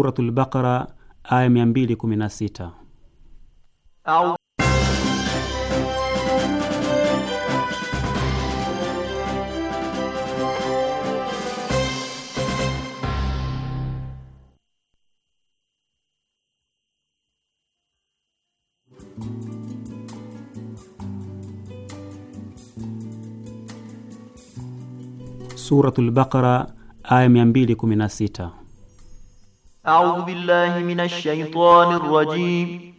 Suratul Baqara aya 216. Suratul Baqara aya sita أعوذ بالله من الشيطان الرجيم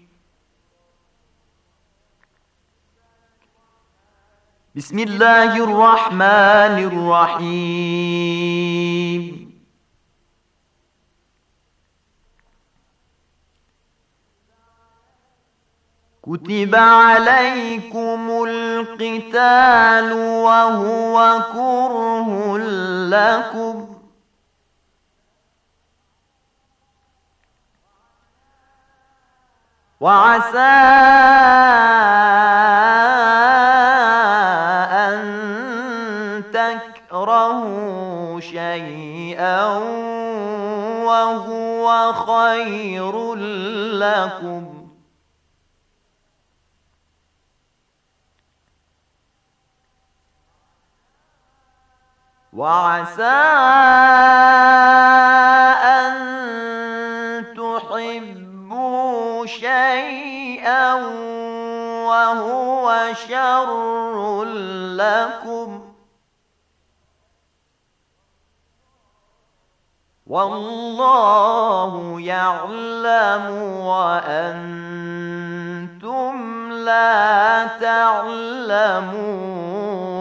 بسم الله الرحمن الرحيم كتب عليكم القتال وهو كره لكم وعسى أن تكرهوا شيئا وهو خير لكم وعسى شيئا وهو شر لكم والله يعلم وأنتم لا تعلمون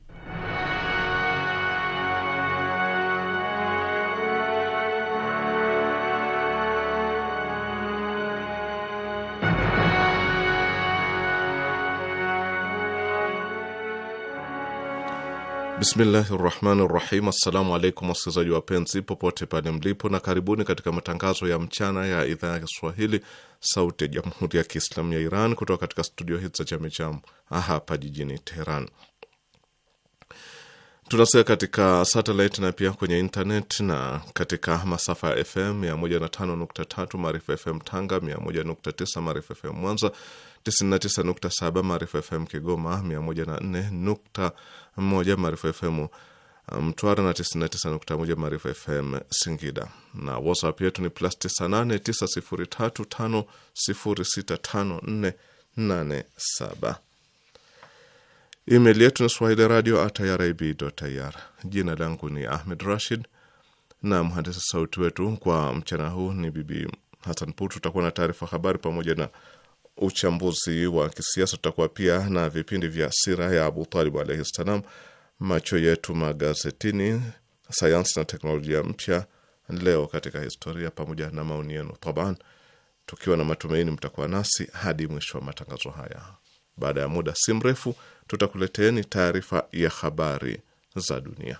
Bismillahi rahmani rahim. Assalamu alaikum waskilizaji wapenzi popote pale mlipo, na karibuni katika matangazo ya mchana ya idhaa ya Kiswahili sauti ya jamhuri ya Kiislamu ya Iran kutoka katika studio hizi za Chamicham hapa jijini Teheran. Tunasikia katika satelit na pia kwenye internet na katika masafa ya FM 105.3 Maarifa FM Tanga, 101.9 Maarifa FM Mwanza 99.7 Maarifa FM Kigoma, 104.1 Maarifa FM um, Mtwara na 99.1 Maarifa FM Singida, na WhatsApp yetu ni plus 989035065487. Email yetu ni swahili radio at irib.ir. Jina langu ni Ahmed Rashid na mhandisi sauti wetu kwa mchana huu ni Bibi Hasan Putu. Tutakuwa na taarifa habari pamoja na uchambuzi wa kisiasa tutakuwa pia na vipindi vya sira ya Abu Talib alaihi ssalam, macho yetu magazetini, sayansi na teknolojia mpya, leo katika historia, pamoja na maoni yenu taban, tukiwa na matumaini mtakuwa nasi hadi mwisho wa matangazo haya. Baada ya muda si mrefu, tutakuleteeni taarifa ya habari za dunia.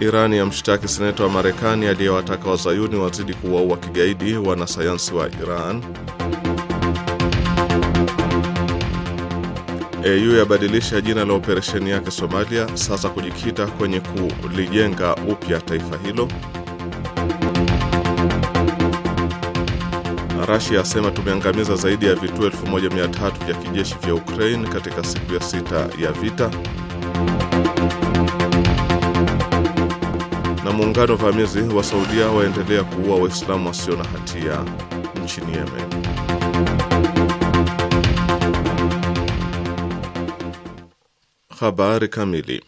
Iran mshtaki seneta wa Marekani aliyewataka wazayuni wazidi kuwaua kigaidi wanasayansi wa Iran. AU yabadilisha jina la operesheni yake Somalia, sasa kujikita kwenye kulijenga upya taifa hilo. Rasia asema tumeangamiza zaidi ya vituo 1300 vya kijeshi vya Ukraine katika siku ya sita ya vita muungano vamizi wa Saudia waendelea kuua Waislamu wasio na hatia nchini Yemen. Habari kamili.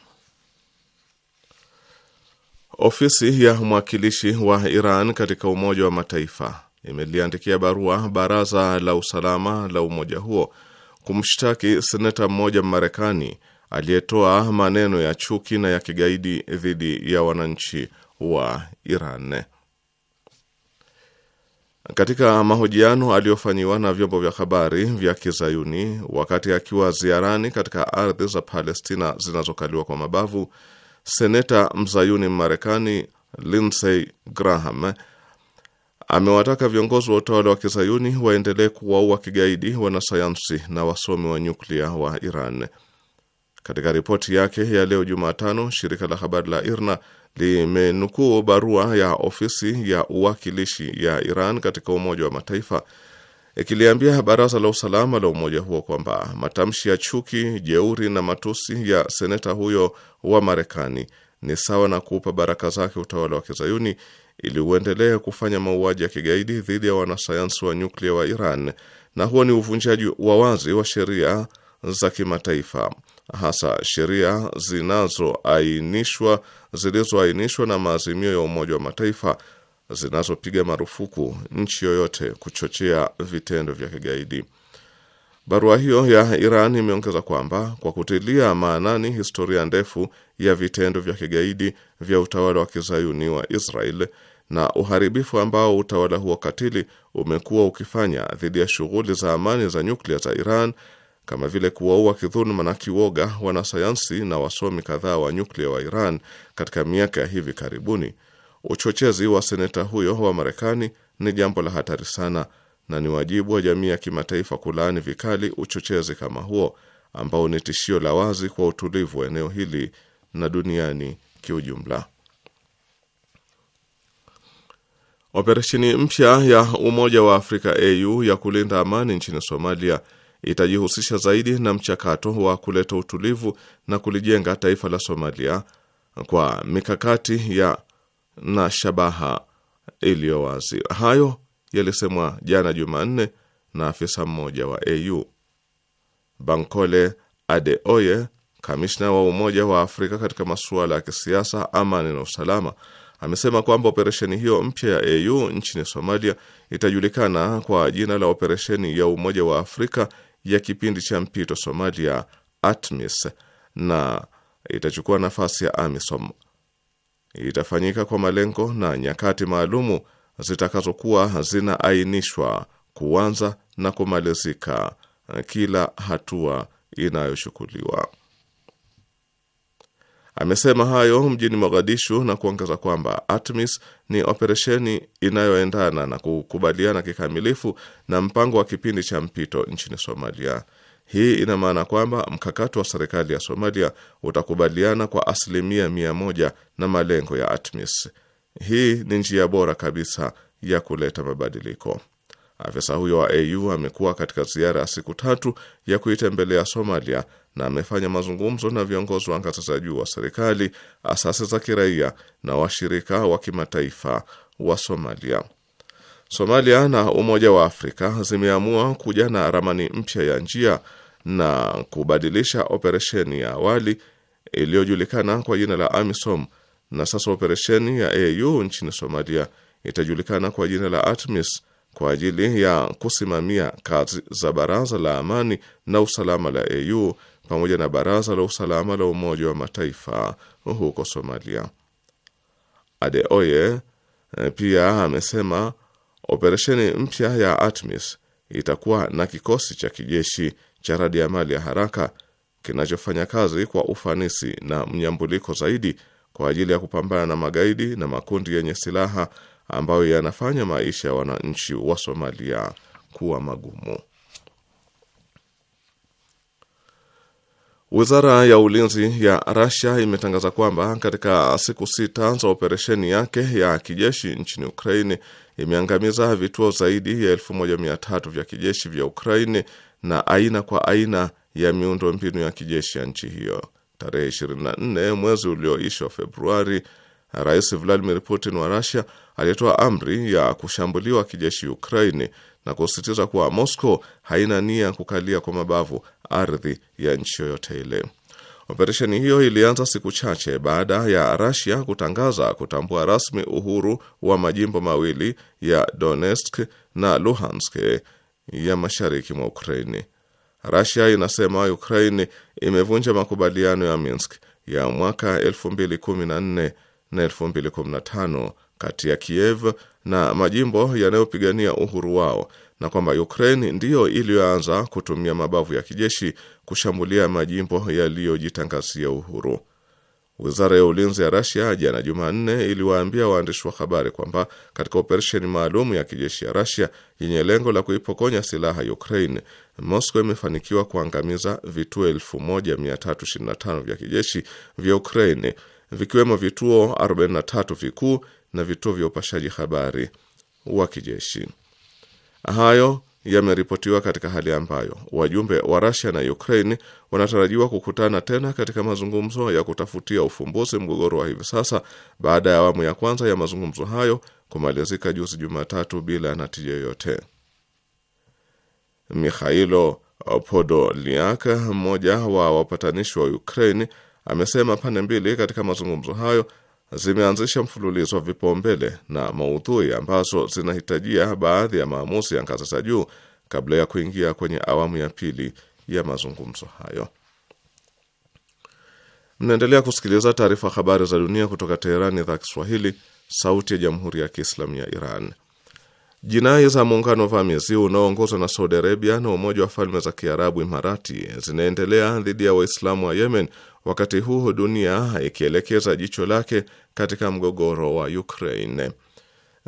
Ofisi ya mwakilishi wa Iran katika Umoja wa Mataifa imeliandikia barua Baraza la Usalama la umoja huo kumshtaki seneta mmoja Marekani aliyetoa maneno ya chuki na ya kigaidi dhidi ya wananchi wa Iran. Katika mahojiano aliyofanyiwa na vyombo vya habari vya Kizayuni wakati akiwa ziarani katika ardhi za Palestina zinazokaliwa kwa mabavu, seneta mzayuni Marekani Lindsey Graham amewataka viongozi wa utawala wa Kizayuni waendelee kuwaua kigaidi wanasayansi na wasomi wa nyuklia wa Iran. Katika ripoti yake ya leo Jumatano, shirika la habari la IRNA limenukuu barua ya ofisi ya uwakilishi ya Iran katika Umoja wa Mataifa ikiliambia Baraza la Usalama la umoja huo kwamba matamshi ya chuki, jeuri na matusi ya seneta huyo wa Marekani ni sawa na kuupa baraka zake utawala wa kizayuni ili uendelee kufanya mauaji ya kigaidi dhidi ya wanasayansi wa nyuklia wa Iran, na huo ni uvunjaji wa wazi wa sheria za kimataifa hasa sheria zinazoainishwa zilizoainishwa na maazimio ya Umoja wa Mataifa zinazopiga marufuku nchi yoyote kuchochea vitendo vya kigaidi. Barua hiyo ya Iran imeongeza kwamba kwa kutilia maanani historia ndefu ya vitendo vya kigaidi vya utawala wa kizayuni wa Israel na uharibifu ambao utawala huo katili umekuwa ukifanya dhidi ya shughuli za amani za nyuklia za Iran kama vile kuwaua kidhuluma na kiwoga wanasayansi na wasomi kadhaa wa nyuklia wa Iran katika miaka ya hivi karibuni, uchochezi wa seneta huyo wa Marekani ni jambo la hatari sana na ni wajibu wa jamii ya kimataifa kulaani vikali uchochezi kama huo ambao ni tishio la wazi kwa utulivu wa eneo hili na duniani kiujumla. Operesheni mpya ya Umoja wa Afrika AU ya kulinda amani nchini Somalia itajihusisha zaidi na mchakato wa kuleta utulivu na kulijenga taifa la Somalia kwa mikakati ya na shabaha iliyo wazi. Hayo yalisemwa jana Jumanne na afisa mmoja wa AU. Bankole Adeoye, kamishna wa Umoja wa Afrika katika masuala ya kisiasa, amani na usalama, amesema kwamba operesheni hiyo mpya ya AU nchini Somalia itajulikana kwa jina la operesheni ya Umoja wa Afrika ya kipindi cha mpito Somalia, ATMIS, na itachukua nafasi ya AMISOM. Itafanyika kwa malengo na nyakati maalumu zitakazokuwa zinaainishwa kuanza na kumalizika kila hatua inayochukuliwa. Amesema hayo mjini Mogadishu na kuongeza kwamba ATMIS ni operesheni inayoendana na kukubaliana kikamilifu na mpango wa kipindi cha mpito nchini Somalia. Hii ina maana kwamba mkakati wa serikali ya Somalia utakubaliana kwa asilimia mia moja na malengo ya ATMIS. Hii ni njia bora kabisa ya kuleta mabadiliko. Afisa huyo wa AU amekuwa katika ziara ya siku tatu ya kuitembelea Somalia na amefanya mazungumzo na viongozi wa ngazi za juu wa serikali, asasi za kiraia na washirika wa kimataifa wa Somalia. Somalia na Umoja wa Afrika zimeamua kuja na ramani mpya ya njia na kubadilisha operesheni ya awali iliyojulikana kwa jina la AMISOM, na sasa operesheni ya AU nchini Somalia itajulikana kwa jina la ATMIS kwa ajili ya kusimamia kazi za Baraza la Amani na Usalama la AU pamoja na Baraza la Usalama la Umoja wa Mataifa huko Somalia. Adeoye eh, pia amesema operesheni mpya ya ATMIS itakuwa na kikosi cha kijeshi cha radi ya mali ya haraka kinachofanya kazi kwa ufanisi na mnyambuliko zaidi kwa ajili ya kupambana na magaidi na makundi yenye silaha ambayo yanafanya maisha ya wananchi wa Somalia kuwa magumu. Wizara ya ulinzi ya rasia imetangaza kwamba katika siku sita za operesheni yake ya kijeshi nchini Ukraini imeangamiza vituo zaidi ya tatu vya kijeshi vya Ukraini na aina kwa aina ya miundo mbinu ya kijeshi ya nchi hiyo. Tarehe 24 mwezi ulioisha Februari, Rais Vladimir Putin wa Russia aliyetoa amri ya kushambuliwa kijeshi Ukraini na kusisitiza kuwa Moscow haina nia kukalia kwa mabavu ardhi ya nchi yoyote ile. Operesheni hiyo ilianza siku chache baada ya rasia kutangaza kutambua rasmi uhuru wa majimbo mawili ya Donetsk na Luhansk ya mashariki mwa Ukraini. rasia inasema Ukraini imevunja makubaliano ya Minsk ya mwaka 2014 na 2015 kati ya Kiev na majimbo yanayopigania uhuru wao na kwamba Ukraine ndiyo iliyoanza kutumia mabavu ya kijeshi kushambulia majimbo yaliyojitangazia uhuru. Wizara ya ulinzi ya Rasia jana Jumanne iliwaambia waandishi wa habari kwamba katika operesheni maalum ya kijeshi ya Rasia yenye lengo la kuipokonya silaha Ukraine, Moscow imefanikiwa kuangamiza vituo 1325 vya kijeshi vya Ukraine vikiwemo vituo 43 vikuu na vituo vya upashaji habari wa kijeshi. Hayo yameripotiwa katika hali ambayo wajumbe wa Russia na Ukraine wanatarajiwa kukutana tena katika mazungumzo ya kutafutia ufumbuzi mgogoro wa hivi sasa baada ya awamu ya kwanza ya mazungumzo hayo kumalizika juzi Jumatatu bila natija yoyote. Mikhailo Podoliak, mmoja wa wapatanishi wa Ukraine Amesema pande mbili katika mazungumzo hayo zimeanzisha mfululizo wa vipaumbele na maudhui ambazo zinahitajia baadhi ya maamuzi ya ngazi za juu kabla ya kuingia kwenye awamu ya pili ya mazungumzo hayo. Mnaendelea kusikiliza taarifa habari za dunia kutoka Teherani, idhaa Kiswahili, sauti ya jamhuri ya kiislamu ya Iran. Jinai za muungano vamizi unaoongozwa na Saudi Arabia na Umoja wa Falme za Kiarabu, Imarati, zinaendelea dhidi ya Waislamu wa Yemen wakati huu dunia ikielekeza jicho lake katika mgogoro wa Ukraine.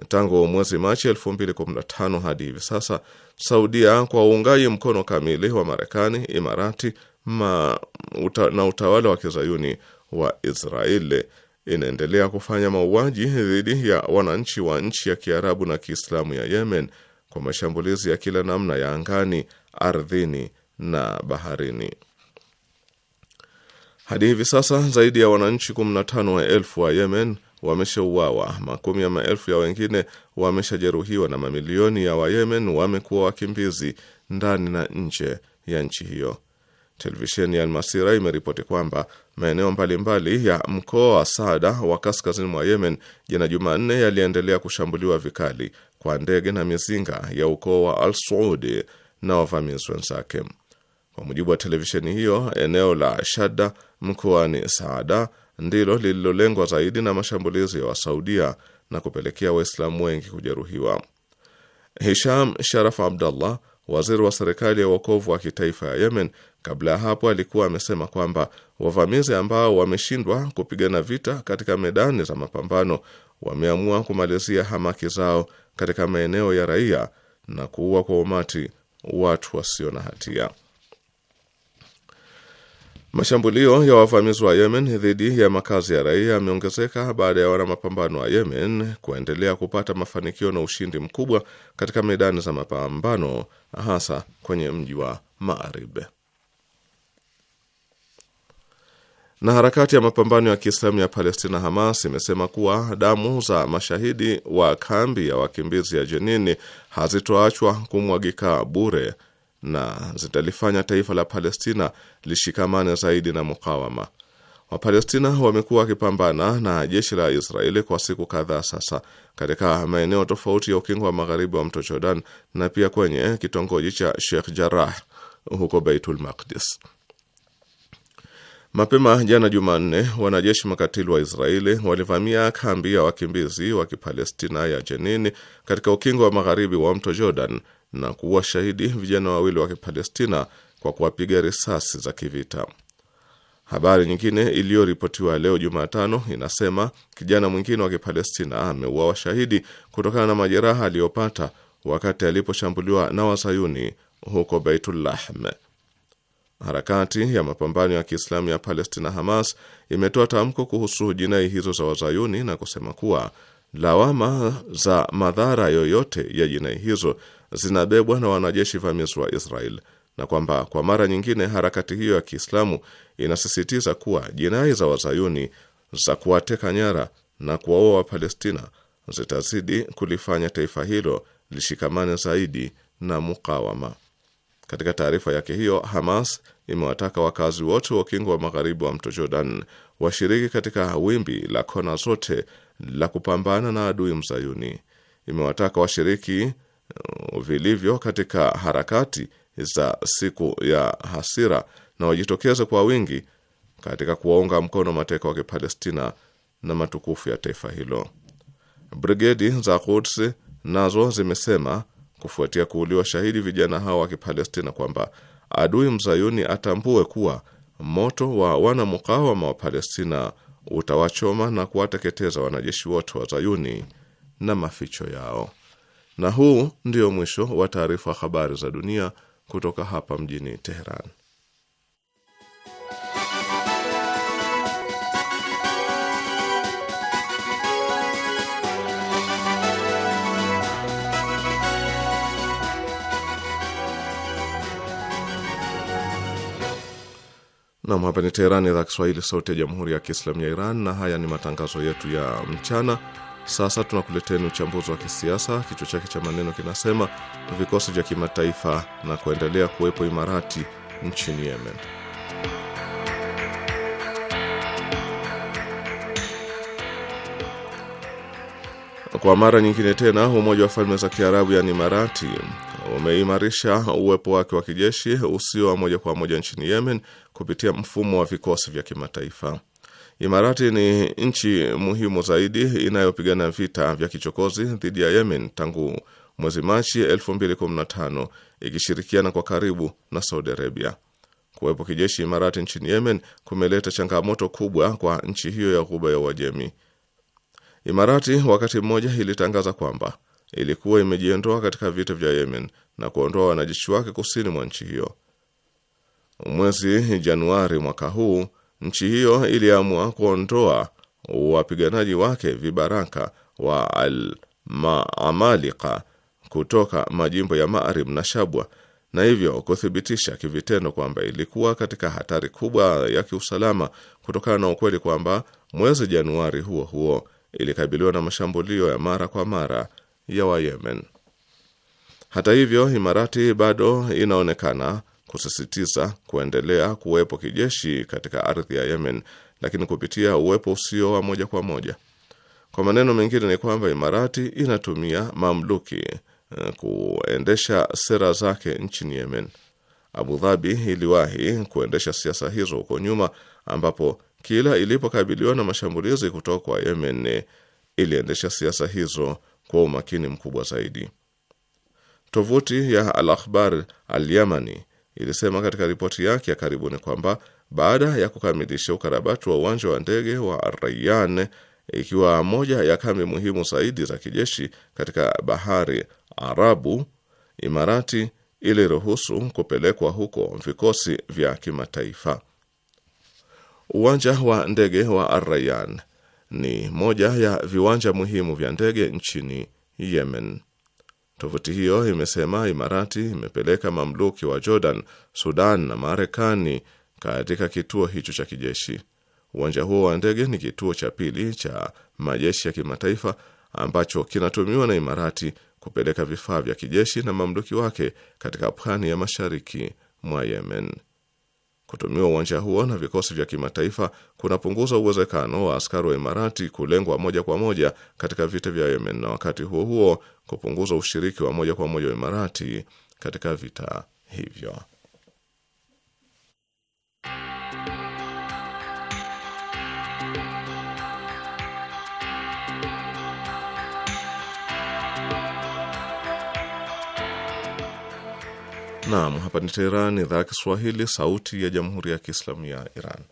Tangu mwezi Machi 2015 hadi hivi sasa, Saudia kwa uungaji mkono kamili wa Marekani, Imarati ma, uta, na utawala wa kizayuni wa Israeli inaendelea kufanya mauaji dhidi ya wananchi wa nchi ya Kiarabu na Kiislamu ya Yemen kwa mashambulizi ya kila namna ya angani, ardhini na baharini. Hadi hivi sasa zaidi ya wananchi 15 wa elfu wa Yemen wameshauawa, makumi ya maelfu ya wengine wameshajeruhiwa na mamilioni ya Wayemen wamekuwa wakimbizi ndani na nje ya nchi hiyo. Televisheni ya Almasira imeripoti kwamba maeneo mbalimbali ya mkoa wa sada wa kaskazini mwa Yemen jana Jumanne yaliendelea kushambuliwa vikali kwa ndege na mizinga ya ukoo wa Al Saud na wavamizi wenzake. Kwa mujibu wa televisheni hiyo, eneo la Shada mkoani Saada ndilo lililolengwa zaidi na mashambulizi ya Wasaudia na kupelekea Waislamu wengi kujeruhiwa. Hisham Sharaf Abdallah, waziri wa serikali ya uokovu wa kitaifa ya Yemen, kabla ya hapo alikuwa amesema kwamba wavamizi ambao wameshindwa kupigana vita katika medani za mapambano wameamua kumalizia hamaki zao katika maeneo ya raia na kuua kwa umati watu wasio na hatia. Mashambulio ya wavamizi wa Yemen dhidi ya makazi ya raia yameongezeka baada ya wanamapambano wa Yemen kuendelea kupata mafanikio na ushindi mkubwa katika medani za mapambano hasa kwenye mji wa Maarib. Na harakati ya mapambano ya Kiislamu ya Palestina Hamas imesema kuwa damu za mashahidi wa kambi ya wakimbizi ya Jenini hazitoachwa kumwagika bure na zitalifanya taifa la Palestina lishikamane zaidi na mukawama. Wapalestina wamekuwa wakipambana na jeshi la Israeli kwa siku kadhaa sasa katika maeneo tofauti ya ukingo wa magharibi wa mto Jordan na pia kwenye kitongoji cha Sheikh Jarrah huko Baitul Maqdis. Mapema jana Jumanne, wanajeshi makatili wa Israeli walivamia kambi ya wakimbizi wa Kipalestina ya Jenini katika ukingo wa magharibi wa mto Jordan na kuwa shahidi vijana wawili wa Kipalestina kwa kuwapiga risasi za kivita. Habari nyingine iliyoripotiwa leo Jumatano inasema kijana mwingine wa Kipalestina ameuawa shahidi kutokana na majeraha aliyopata wakati aliposhambuliwa na Wazayuni huko Baitulahme. Harakati ya mapambano ya Kiislamu ya Palestina, Hamas, imetoa tamko kuhusu jinai hizo za Wazayuni na kusema kuwa lawama za madhara yoyote ya jinai hizo zinabebwa na wanajeshi vamizi wa Israel na kwamba kwa mara nyingine harakati hiyo ya Kiislamu inasisitiza kuwa jinai za wazayuni za kuwateka nyara na kuwaua Wapalestina zitazidi kulifanya taifa hilo lishikamane zaidi na mukawama. Katika taarifa yake hiyo, Hamas imewataka wakazi wote wa ukingo wa magharibi wa mto Jordan washiriki katika wimbi la kona zote la kupambana na adui mzayuni. Imewataka washiriki vilivyo katika harakati za siku ya hasira na wajitokeze kwa wingi katika kuwaunga mkono mateka wa Kipalestina na matukufu ya taifa hilo. Brigedi za Quds nazo zimesema kufuatia kuuliwa shahidi vijana hao wa Kipalestina kwamba adui mzayuni atambue kuwa moto wa wanamukawama wa Palestina utawachoma na kuwateketeza wanajeshi wote wa zayuni na maficho yao. Na huu ndio mwisho wa taarifa habari za dunia kutoka hapa mjini Teheran. Nam, hapa ni Teherani, idhaa Kiswahili, sauti ya jamhuri ya kiislamu ya Iran, na haya ni matangazo yetu ya mchana. Sasa tunakuleteni uchambuzi wa kisiasa, kichwa chake cha maneno kinasema vikosi vya kimataifa na kuendelea kuwepo Imarati nchini Yemen. Kwa mara nyingine tena Umoja wa Falme za Kiarabu yani Imarati umeimarisha uwepo wake wa kijeshi usio wa moja kwa moja nchini Yemen kupitia mfumo wa vikosi vya kimataifa. Imarati ni nchi muhimu zaidi inayopigana vita vya kichokozi dhidi ya Yemen tangu mwezi Machi 2015 ikishirikiana kwa karibu na Saudi Arabia. Kuwepo kijeshi Imarati nchini Yemen kumeleta changamoto kubwa kwa nchi hiyo ya Ghuba ya Uajemi. Imarati wakati mmoja ilitangaza kwamba ilikuwa imejiondoa katika vita vya Yemen na kuondoa wanajeshi wake kusini mwa nchi hiyo. Mwezi Januari mwaka huu nchi hiyo iliamua kuondoa wapiganaji wake vibaraka wa Al-Maamalika kutoka majimbo ya Maarib na Shabwa na hivyo kuthibitisha kivitendo kwamba ilikuwa katika hatari kubwa ya kiusalama kutokana na ukweli kwamba mwezi Januari huo huo ilikabiliwa na mashambulio ya mara kwa mara ya Wayemen. Hata hivyo, Imarati bado inaonekana kusisitiza kuendelea kuwepo kijeshi katika ardhi ya Yemen, lakini kupitia uwepo usio wa moja kwa moja. Kwa maneno mengine ni kwamba Imarati inatumia mamluki eh, kuendesha sera zake nchini Yemen. Abu Dhabi iliwahi kuendesha siasa hizo huko nyuma, ambapo kila ilipokabiliwa na mashambulizi kutoka kwa Yemen iliendesha siasa hizo kwa umakini mkubwa zaidi. Tovuti ya Al Akhbar Al Yamani ilisema katika ripoti yake ya karibuni kwamba baada ya kukamilisha ukarabati wa uwanja wa ndege wa Rayan, ikiwa moja ya kambi muhimu zaidi za kijeshi katika bahari Arabu, Imarati iliruhusu kupelekwa huko vikosi vya kimataifa. Uwanja wa ndege wa ar ni moja ya viwanja muhimu vya ndege nchini Yemen. Tovuti hiyo imesema Imarati imepeleka mamluki wa Jordan, Sudan na Marekani katika kituo hicho cha kijeshi. Uwanja huo wa ndege ni kituo cha pili cha majeshi ya kimataifa ambacho kinatumiwa na Imarati kupeleka vifaa vya kijeshi na mamluki wake katika pwani ya mashariki mwa Yemen. Kutumiwa uwanja huo na vikosi vya kimataifa kunapunguza uwezekano wa askari wa Imarati kulengwa moja kwa moja katika vita vya Yemen na wakati huo huo kupunguza ushiriki wa moja kwa moja wa Imarati katika vita hivyo. Naam, hapa ni Teheran, idhaa ya Kiswahili, sauti ya jamhuri ya kiislamu ya Iran.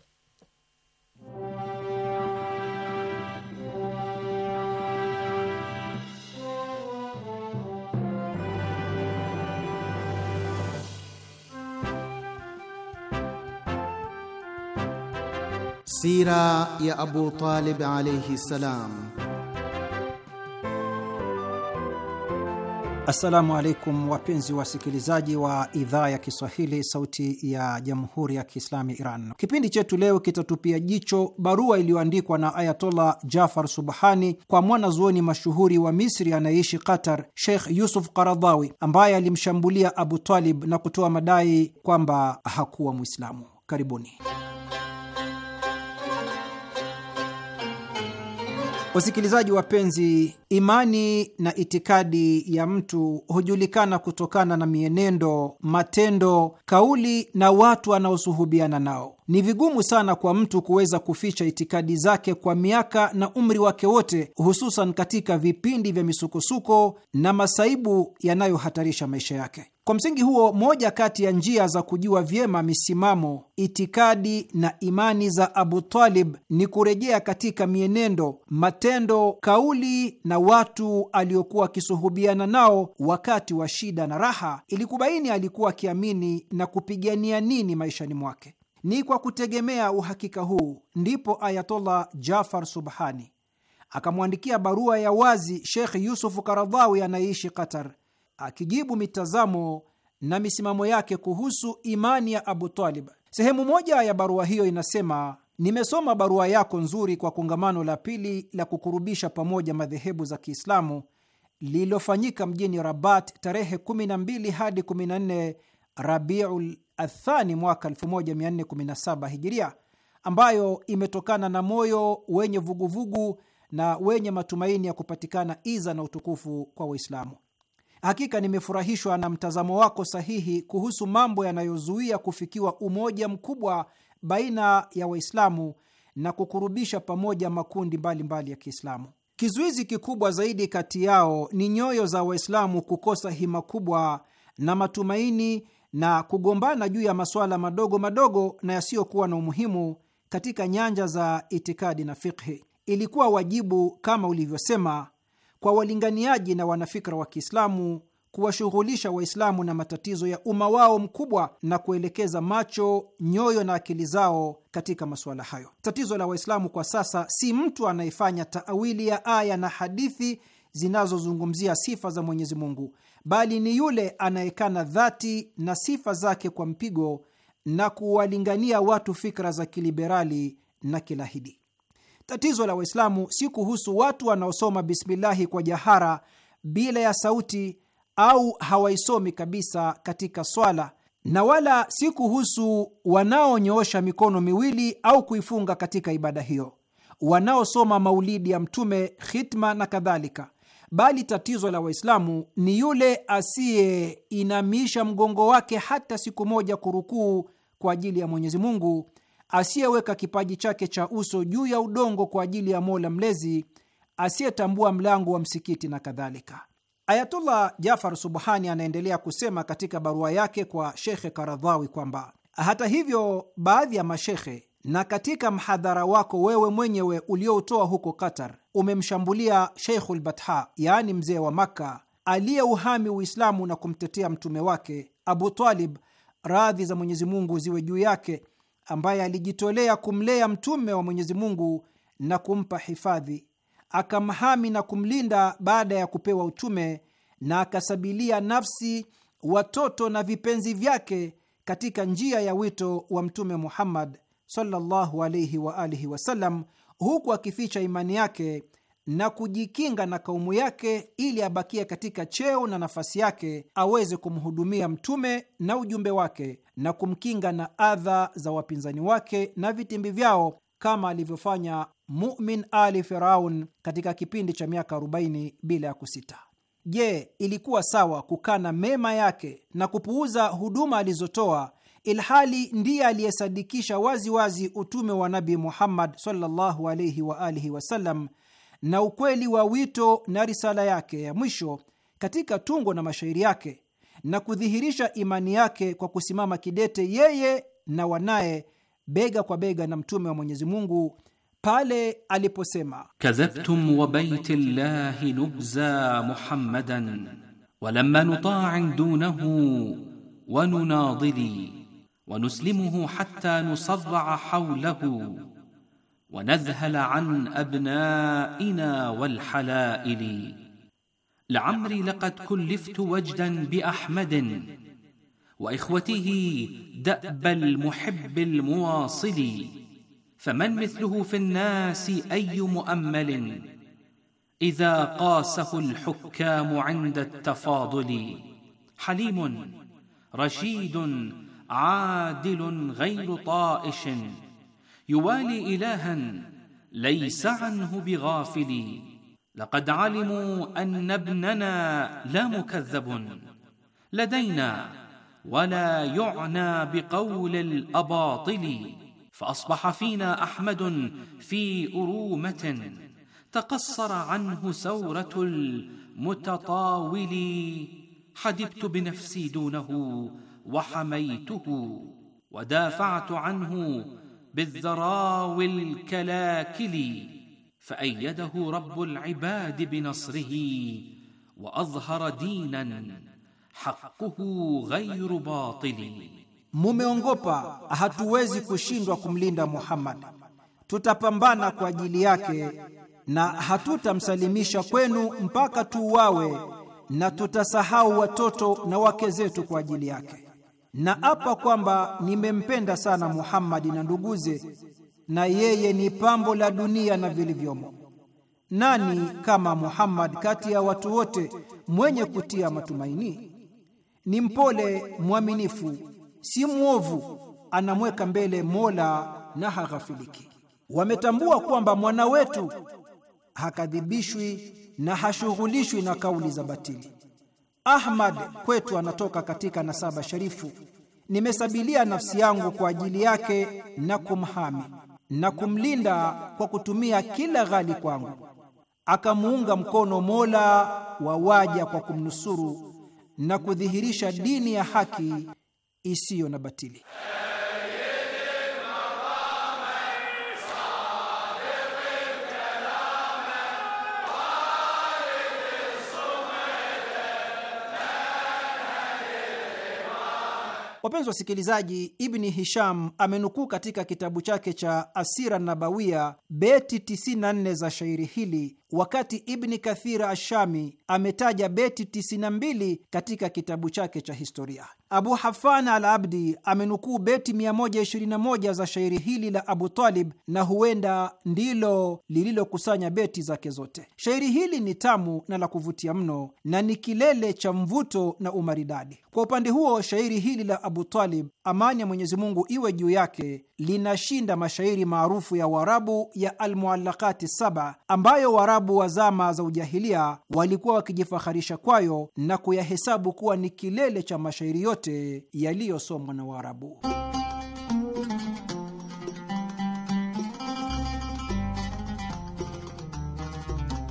Sira ya Abu Talib alaihi salam Assalamu alaikum wapenzi wasikilizaji wa idhaa ya Kiswahili, sauti ya jamhuri ya kiislami Iran. Kipindi chetu leo kitatupia jicho barua iliyoandikwa na Ayatollah Jafar Subhani kwa mwanazuoni mashuhuri wa Misri anayeishi Qatar, Sheikh Yusuf Qaradhawi, ambaye alimshambulia Abu Talib na kutoa madai kwamba hakuwa Mwislamu. Karibuni. Wasikilizaji wapenzi, imani na itikadi ya mtu hujulikana kutokana na mienendo, matendo, kauli na watu anaosuhubiana nao. Ni vigumu sana kwa mtu kuweza kuficha itikadi zake kwa miaka na umri wake wote, hususan katika vipindi vya misukosuko na masaibu yanayohatarisha maisha yake. Kwa msingi huo, moja kati ya njia za kujua vyema misimamo, itikadi na imani za Abu Talib ni kurejea katika mienendo, matendo, kauli na watu aliokuwa akisuhubiana nao wakati wa shida na raha, ili kubaini alikuwa akiamini na kupigania nini maishani mwake. Ni kwa kutegemea uhakika huu ndipo Ayatollah Jafar Subhani akamwandikia barua ya wazi Sheikh Yusufu Karadhawi anayeishi Qatar akijibu mitazamo na misimamo yake kuhusu imani ya Abu Talib. Sehemu moja ya barua hiyo inasema: nimesoma barua yako nzuri kwa kongamano la pili la kukurubisha pamoja madhehebu za Kiislamu lililofanyika mjini Rabat tarehe 12 hadi 14 Rabiul Athani mwaka 1417 Hijiria, ambayo imetokana na moyo wenye vuguvugu na wenye matumaini ya kupatikana iza na utukufu kwa Waislamu. Hakika nimefurahishwa na mtazamo wako sahihi kuhusu mambo yanayozuia kufikiwa umoja mkubwa baina ya Waislamu na kukurubisha pamoja makundi mbalimbali mbali ya Kiislamu. Kizuizi kikubwa zaidi kati yao ni nyoyo za Waislamu kukosa hima kubwa na matumaini na kugombana juu ya masuala madogo madogo na yasiyokuwa na umuhimu katika nyanja za itikadi na fikhi. Ilikuwa wajibu, kama ulivyosema, kwa walinganiaji na wanafikra wa Kiislamu kuwashughulisha Waislamu na matatizo ya umma wao mkubwa na kuelekeza macho, nyoyo na akili zao katika masuala hayo. Tatizo la Waislamu kwa sasa si mtu anayefanya taawili ya aya na hadithi zinazozungumzia sifa za Mwenyezi Mungu, bali ni yule anayekana dhati na sifa zake kwa mpigo na kuwalingania watu fikra za kiliberali na kilahidi. Tatizo la Waislamu si kuhusu watu wanaosoma bismillahi kwa jahara bila ya sauti au hawaisomi kabisa katika swala, na wala si kuhusu wanaonyoosha mikono miwili au kuifunga katika ibada hiyo, wanaosoma maulidi ya Mtume, khitma na kadhalika, bali tatizo la Waislamu ni yule asiyeinamisha mgongo wake hata siku moja kurukuu kwa ajili ya Mwenyezi Mungu asiyeweka kipaji chake cha uso juu ya udongo kwa ajili ya Mola Mlezi, asiyetambua mlango wa msikiti na kadhalika. Ayatullah Jafar Subhani anaendelea kusema katika barua yake kwa Shekhe Karadhawi kwamba hata hivyo, baadhi ya mashekhe na katika mhadhara wako wewe mwenyewe uliotoa huko Qatar umemshambulia Sheikhul Batha, yaani mzee wa Makka aliyeuhami Uislamu na kumtetea mtume wake Abu Talib, radhi za Mwenyezi Mungu ziwe juu yake, ambaye alijitolea kumlea mtume wa Mwenyezi Mungu na kumpa hifadhi, akamhami na kumlinda baada ya kupewa utume, na akasabilia nafsi, watoto na vipenzi vyake katika njia ya wito wa Mtume Muhammad sallallahu wa alihi wasallam, huku akificha imani yake na kujikinga na kaumu yake ili abakie katika cheo na nafasi yake aweze kumhudumia mtume na ujumbe wake na kumkinga na adha za wapinzani wake na vitimbi vyao kama alivyofanya mumin ali Firaun katika kipindi cha miaka 40 bila ya kusita. Je, ilikuwa sawa kukana mema yake na kupuuza huduma alizotoa ilhali ndiye aliyesadikisha waziwazi utume wa Nabi Muhammad sallallahu alaihi wa alihi wasallam na ukweli wa wito na risala yake ya mwisho katika tungo na mashairi yake na kudhihirisha imani yake kwa kusimama kidete yeye na wanaye bega kwa bega na mtume wa Mwenyezi Mungu pale aliposema, kadhabtum wa baiti llahi nubza muhammadan walamma nutaan dunahu wa nuslimuhu hatta nusaraa wa nadhhala an abnaina walhalaili لعمري لقد كلفت وجدا بأحمد وإخوته دأب المحب المواصل فمن مثله في الناس أي مؤمل إذا قاسه الحكام عند التفاضل حليم رشيد عادل غير طائش يوالي إلها ليس عنه بغافل لقد علموا أن ابننا لا مكذب لدينا ولا يعنى بقول الأباطل فأصبح فينا أحمد في أرومة تقصر عنه سورة المتطاول حدبت بنفسي دونه وحميته ودافعت عنه بالذراوي الكلاكل فأيده رب العباد بنصره وأظهر دينا حقه غير باطل Mumeongopa, hatuwezi kushindwa kumlinda Muhammad. Tutapambana kwa ajili yake na hatutamsalimisha kwenu mpaka tuuawe, na tutasahau watoto na wake zetu kwa ajili yake. Na apa kwamba nimempenda sana Muhammadi na nduguze na yeye ni pambo la dunia na vilivyomo. Nani kama Muhammad kati ya watu wote, mwenye kutia matumaini? Ni mpole mwaminifu, si mwovu, anamweka mbele Mola na haghafiliki. Wametambua kwamba mwana wetu hakadhibishwi na hashughulishwi na kauli za batili. Ahmad kwetu anatoka katika nasaba sharifu. Nimesabilia nafsi yangu kwa ajili yake na kumhami na kumlinda kwa kutumia kila ghali kwangu, akamuunga mkono Mola wa waja kwa kumnusuru na kudhihirisha dini ya haki isiyo na batili. Wapenzi wasikilizaji, Ibni Hisham amenukuu katika kitabu chake cha Asira Nabawiya beti 94 za shairi hili wakati Ibni Kathira Ashami ametaja beti 92 katika kitabu chake cha historia. Abu Hafan al Abdi amenukuu beti 121 za shairi hili la Abu Talib, na huenda ndilo lililokusanya beti zake zote. Shairi hili ni tamu na la kuvutia mno na ni kilele cha mvuto na umaridadi. Kwa upande huo, shairi hili la Abu Talib, amani ya Mwenyezi Mungu iwe juu yake, linashinda mashairi maarufu ya Waarabu ya Almuallakati Saba ambayo Waarabu Waarabu wa zama za ujahilia walikuwa wakijifaharisha kwayo na kuyahesabu kuwa ni kilele cha mashairi yote yaliyosomwa na Waarabu.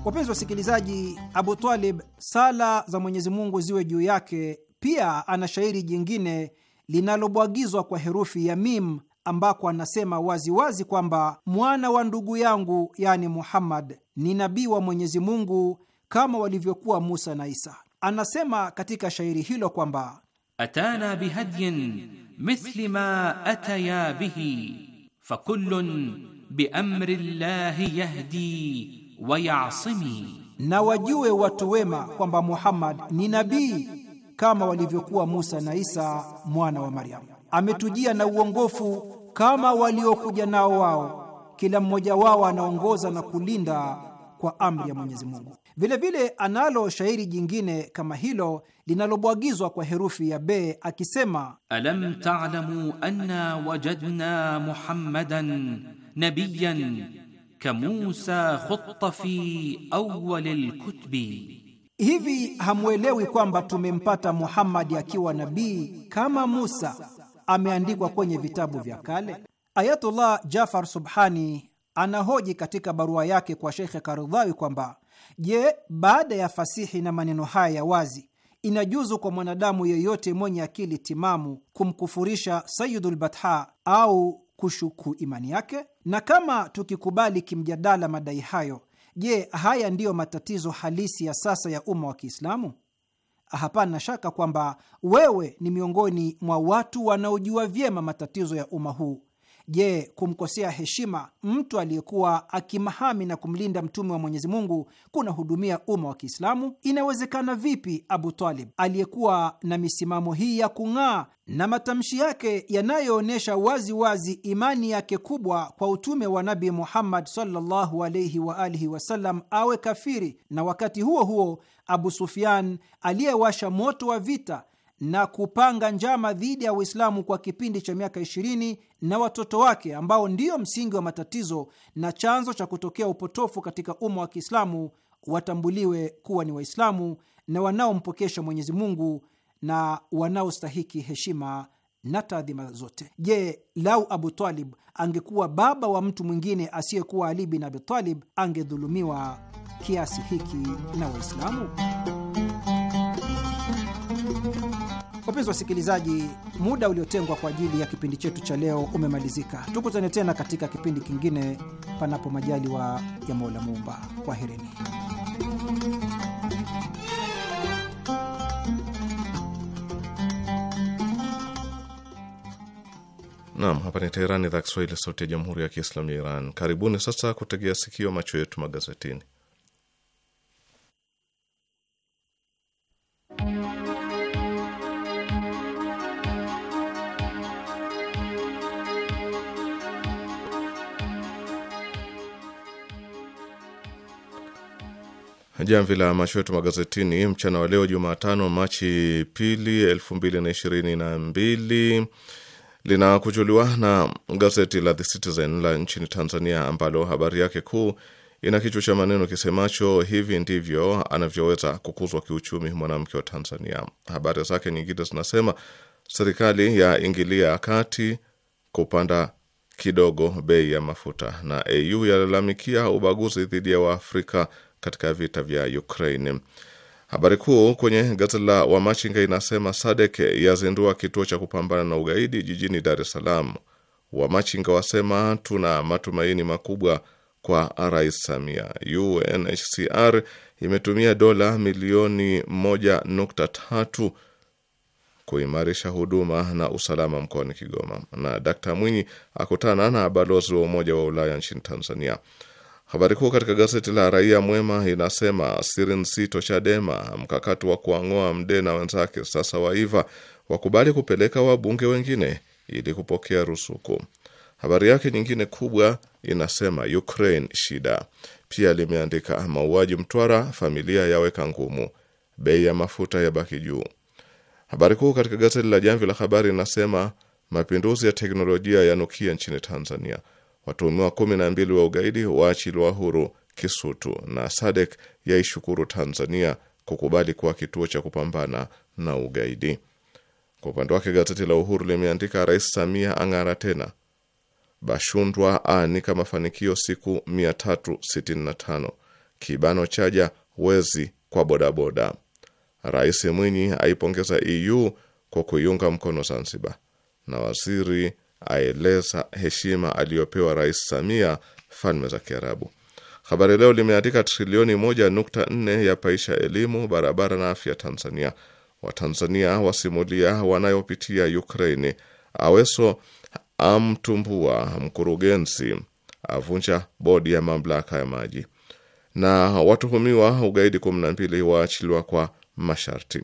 Wapenzi wasikilizaji, Abu Talib, sala za Mwenyezi Mungu ziwe juu yake, pia ana shairi jingine linalobwagizwa kwa herufi ya mim ambako anasema waziwazi kwamba mwana wa ndugu yangu, yani Muhammad, ni nabii wa Mwenyezi Mungu kama walivyokuwa Musa na Isa. Anasema katika shairi hilo kwamba atana bihadyin mithli ma ataya bihi fakullun biamri llahi yahdi wa yasimi, na wajue watu wema kwamba Muhammad ni nabii kama walivyokuwa Musa na Isa mwana wa Maryamu. Ametujia na uongofu kama waliokuja nao wao, kila mmoja wao anaongoza na kulinda kwa amri ya Mwenyezi Mungu. Vilevile analo shairi jingine kama hilo linalobwagizwa kwa herufi ya be akisema, alam ta'lamu anna wajadna muhammadan nabiyan kamusa khutta fi awwalil kutubi Hivi hamwelewi kwamba tumempata Muhammadi akiwa nabii kama Musa ameandikwa kwenye vitabu vya kale? Ayatullah Jafar Subhani anahoji katika barua yake kwa Sheikhe Karudhawi kwamba je, baada ya fasihi na maneno haya ya wazi inajuzu kwa mwanadamu yeyote mwenye akili timamu kumkufurisha Sayidul Batha au kushuku imani yake? Na kama tukikubali kimjadala madai hayo, je, haya ndiyo matatizo halisi ya sasa ya umma wa Kiislamu? hapana shaka kwamba wewe ni miongoni mwa watu wanaojua vyema matatizo ya umma huu. Je, kumkosea heshima mtu aliyekuwa akimahami na kumlinda mtume wa Mwenyezi Mungu kunahudumia umma wa Kiislamu? Inawezekana vipi Abu Talib aliyekuwa na misimamo hii ya kung'aa na matamshi yake yanayoonyesha wazi wazi imani yake kubwa kwa utume wa Nabi Muhammad sallallahu alaihi wa alihi wasallam awe kafiri na wakati huo huo Abu Sufyan aliyewasha moto wa vita na kupanga njama dhidi ya Uislamu kwa kipindi cha miaka 20 na watoto wake ambao ndiyo msingi wa matatizo na chanzo cha kutokea upotofu katika umma wa Kiislamu watambuliwe kuwa ni Waislamu na wanaompokesha Mwenyezi Mungu na wanaostahiki heshima na taadhima zote. Je, lau Abu Talib angekuwa baba wa mtu mwingine asiyekuwa Ali bin Abi Talib, angedhulumiwa kiasi hiki na Waislamu? Wapenzi wasikilizaji, muda uliotengwa kwa ajili ya kipindi chetu cha leo umemalizika. Tukutane tena katika kipindi kingine, panapo majaliwa ya Mola Muumba. Kwaherini. Nam, hapa ni Teherani, idhaa Kiswahili, sauti ya jamhuri ya kiislamu ya Iran. Karibuni sasa kutegea sikio, macho yetu magazetini. Jamvi la macho yetu magazetini mchana wa leo Jumatano, Machi pili elfu mbili na ishirini na mbili linakuchuliwa na gazeti la The Citizen la nchini Tanzania, ambalo habari yake kuu ina kichwa cha maneno kisemacho hivi ndivyo anavyoweza kukuzwa kiuchumi mwanamke wa Tanzania. Habari zake nyingine zinasema serikali ya ingilia kati kupanda kidogo bei ya mafuta, na AU yalalamikia ubaguzi dhidi ya Waafrika katika vita vya Ukraine. Habari kuu kwenye gazeti la Wamachinga inasema Sadek yazindua kituo cha kupambana na ugaidi jijini Dar es Salaam. Wamachinga wasema tuna matumaini makubwa kwa Rais Samia. UNHCR imetumia dola milioni 1.3 kuimarisha huduma na usalama mkoani Kigoma, na Dkt Mwinyi akutana na balozi wa Umoja wa Ulaya nchini Tanzania. Habari kuu katika gazeti la Raia Mwema inasema siri nzito Chadema, mkakati wa kuang'oa Mde na wenzake sasa waiva, wakubali kupeleka wabunge wengine ili kupokea rusuku. Habari yake nyingine kubwa inasema Ukraine shida. Pia limeandika mauaji Mtwara, familia yaweka ngumu, bei ya mafuta yabaki juu. Habari kuu katika gazeti la Jamvi la Habari inasema mapinduzi ya teknolojia yanukia nchini Tanzania. Watuhumiwa kumi na mbili wa ugaidi waachiliwa huru Kisutu, na Sadek yaishukuru Tanzania kukubali kuwa kituo cha kupambana na ugaidi. Kwa upande wake gazeti la Uhuru limeandika Rais Samia ang'ara tena, Bashundwa aanika mafanikio siku 365, kibano chaja wezi kwa bodaboda, Rais Mwinyi aipongeza EU kwa kuiunga mkono Zanzibar, na waziri aeleza heshima aliyopewa Rais Samia Falme za Kiarabu. Habari Leo limeandika trilioni moja nukta nne ya paisha elimu, barabara na afya Tanzania. Watanzania wasimulia wanayopitia Ukraini. Aweso amtumbua mkurugenzi, avunja bodi ya mamlaka ya maji, na watuhumiwa ugaidi 12 waachiliwa kwa masharti.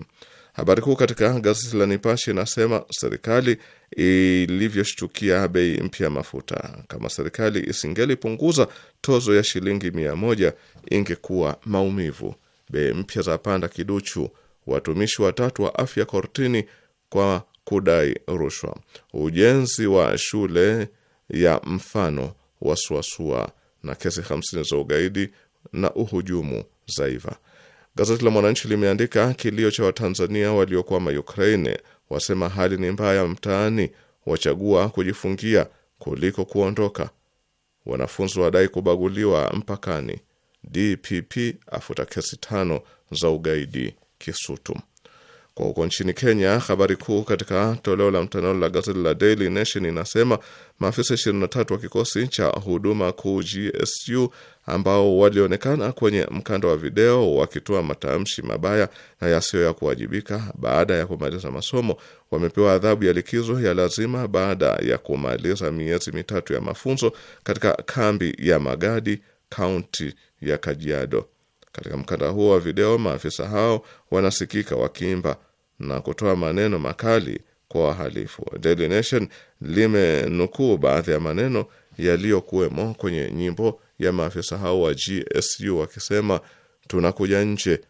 Habari kuu katika gazeti la Nipashe inasema serikali ilivyoshtukia bei mpya ya mafuta. Kama serikali isingelipunguza tozo ya shilingi mia moja ingekuwa maumivu. Bei mpya za panda kiduchu. Watumishi watatu wa afya kortini kwa kudai rushwa. Ujenzi wa shule ya mfano wasuasua, na kesi 50 za ugaidi na uhujumu zaiva. Gazeti la Mwananchi limeandika kilio cha Watanzania waliokwama Ukraine, wasema hali ni mbaya mtaani, wachagua kujifungia kuliko kuondoka. Wanafunzi wadai kubaguliwa mpakani. DPP afuta kesi tano za ugaidi Kisutu. Kwa huko nchini Kenya, habari kuu katika toleo la mtandao la gazeti la Daily Nation inasema maafisa 23 wa kikosi cha huduma kuu GSU ambao walionekana kwenye mkanda wa video wakitoa matamshi mabaya na yasiyo ya kuwajibika baada ya kumaliza masomo wamepewa adhabu ya likizo ya lazima baada ya kumaliza miezi mitatu ya mafunzo katika kambi ya Magadi, kaunti ya Kajiado. Katika mkanda huo wa video, maafisa hao wanasikika wakiimba na kutoa maneno makali kwa wahalifu. Daily Nation limenukuu baadhi ya maneno yaliyokuwemo kwenye nyimbo ya maafisa hao wa GSU wakisema, tunakuja nje,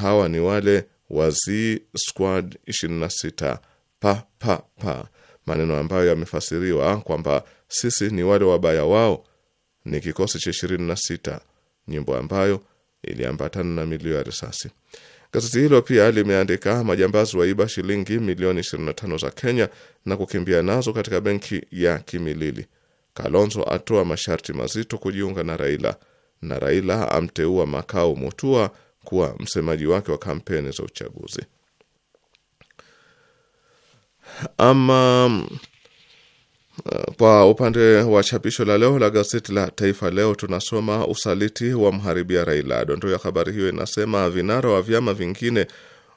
hawa ni wale wa Z Squad 26 pa pa pa, maneno ambayo yamefasiriwa kwamba sisi ni wale wabaya wao, ni kikosi cha 26, nyimbo ambayo iliambatana na milio ya risasi. Gazeti hilo pia limeandika majambazi waiba shilingi milioni 25 za Kenya na kukimbia nazo katika benki ya Kimilili. Kalonzo atoa masharti mazito kujiunga na Raila, na Raila amteua Makau Mutua kuwa msemaji wake wa kampeni za uchaguzi. Ama Uh, kwa upande wa chapisho la leo la gazeti la Taifa Leo tunasoma usaliti wa mharibia Raila. Dondoo ya habari hiyo inasema vinara wa vyama vingine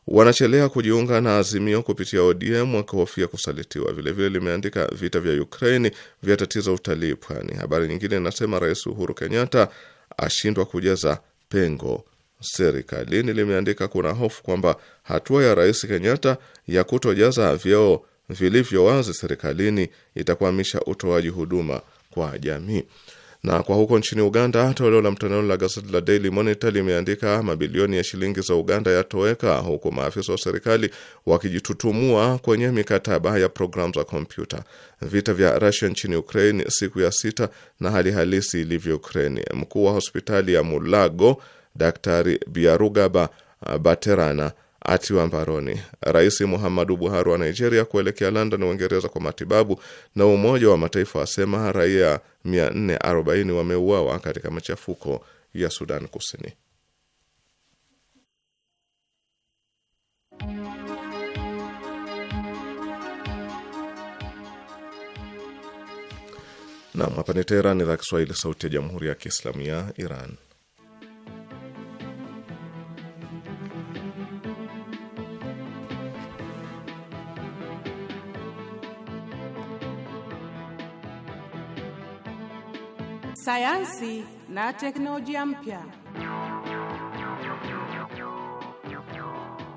wanachelea kujiunga na Azimio kupitia ODM wakihofia kusalitiwa. Vilevile limeandika vita vya Ukraini tatizo utalii pwani. Habari nyingine inasema Rais Uhuru Kenyatta ashindwa kujaza pengo serikalini. Limeandika kuna hofu kwamba hatua ya Rais Kenyatta ya kutojaza vyeo vilivyo wazi serikalini itakwamisha utoaji huduma kwa jamii. Na kwa huko nchini Uganda, toleo la mtandao la gazeti la Daily Monitor limeandika mabilioni ya shilingi za Uganda yatoweka, huku maafisa wa serikali wakijitutumua kwenye mikataba ya programu za kompyuta. Vita vya Russia nchini Ukraine siku ya sita na hali halisi ilivyo Ukraine. Mkuu wa hospitali ya Mulago Daktari Biarugaba Baterana atiwa mbaroni. Rais Muhammadu Buhari wa Nigeria kuelekea London, Uingereza kwa matibabu. Na Umoja wa Mataifa wasema raia 440 wameuawa katika machafuko ya Sudan Kusini. Nam, hapa ni Teherani, idhaa Kiswahili, sauti ya jamhuri ya kiislamu ya Iran. sayansi na teknolojia mpya.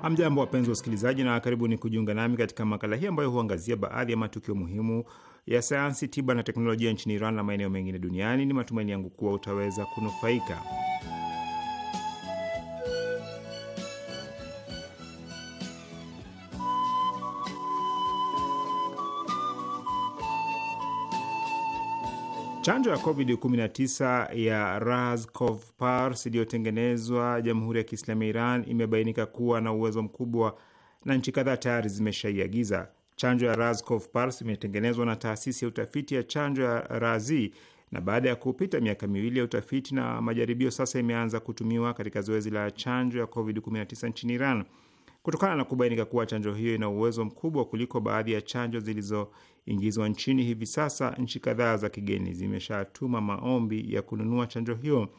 Hamjambo, wapenzi wa usikilizaji, na karibuni kujiunga nami katika makala hii ambayo huangazia baadhi ya matukio muhimu ya sayansi, tiba na teknolojia nchini Iran na maeneo mengine duniani. Ni matumaini yangu kuwa utaweza kunufaika. Chanjo ya COVID-19 ya Raskov-Pars iliyotengenezwa Jamhuri ya kiislami ya Iran imebainika kuwa na uwezo mkubwa na nchi kadhaa tayari zimeshaiagiza. Chanjo ya Raskov-Pars imetengenezwa na taasisi ya utafiti ya chanjo ya Razi na baada ya kupita miaka miwili ya utafiti na majaribio, sasa imeanza kutumiwa katika zoezi la chanjo ya COVID-19 nchini Iran kutokana na kubainika kuwa chanjo hiyo ina uwezo mkubwa kuliko baadhi ya chanjo zilizoingizwa nchini hivi sasa. Nchi kadhaa za kigeni zimeshatuma maombi ya kununua chanjo hiyo.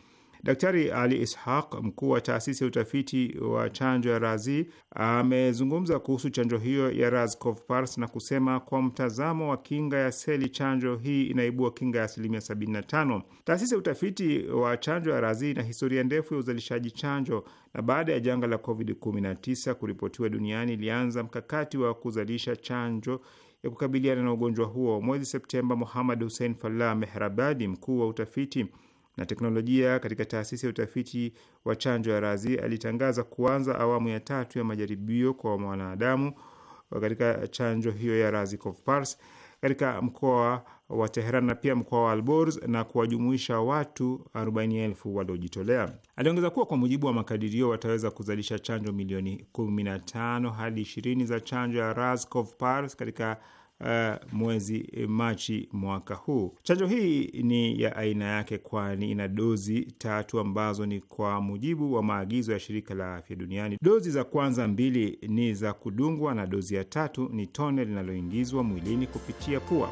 Daktari Ali Ishaq, mkuu wa taasisi ya utafiti wa chanjo ya Razi, amezungumza kuhusu chanjo hiyo ya Raskov-Pars na kusema kwa mtazamo wa kinga ya seli, chanjo hii inaibua kinga ya asilimia 75. Taasisi ya utafiti wa chanjo ya Razi ina historia ndefu ya uzalishaji chanjo, na baada ya janga la COVID-19 kuripotiwa duniani ilianza mkakati wa kuzalisha chanjo ya kukabiliana na ugonjwa huo. Mwezi Septemba, Muhammad Hussein Fallah Mehrabadi, mkuu wa utafiti na teknolojia katika taasisi ya utafiti wa chanjo ya Razi alitangaza kuanza awamu ya tatu ya majaribio kwa mwanadamu uh, katika chanjo hiyo ya Razi Cov katika mkoa wa Teheran na pia mkoa wa Alborz na kuwajumuisha watu 40,000 waliojitolea. Aliongeza kuwa kwa mujibu wa makadirio, wataweza kuzalisha chanjo milioni 15 hadi 20 za chanjo ya Razi katika uh, mwezi Machi mwaka huu. Chanjo hii ni ya aina yake, kwani ina dozi tatu ambazo ni kwa mujibu wa maagizo ya shirika la afya duniani. Dozi za kwanza mbili ni za kudungwa na dozi ya tatu ni tone linaloingizwa mwilini kupitia pua.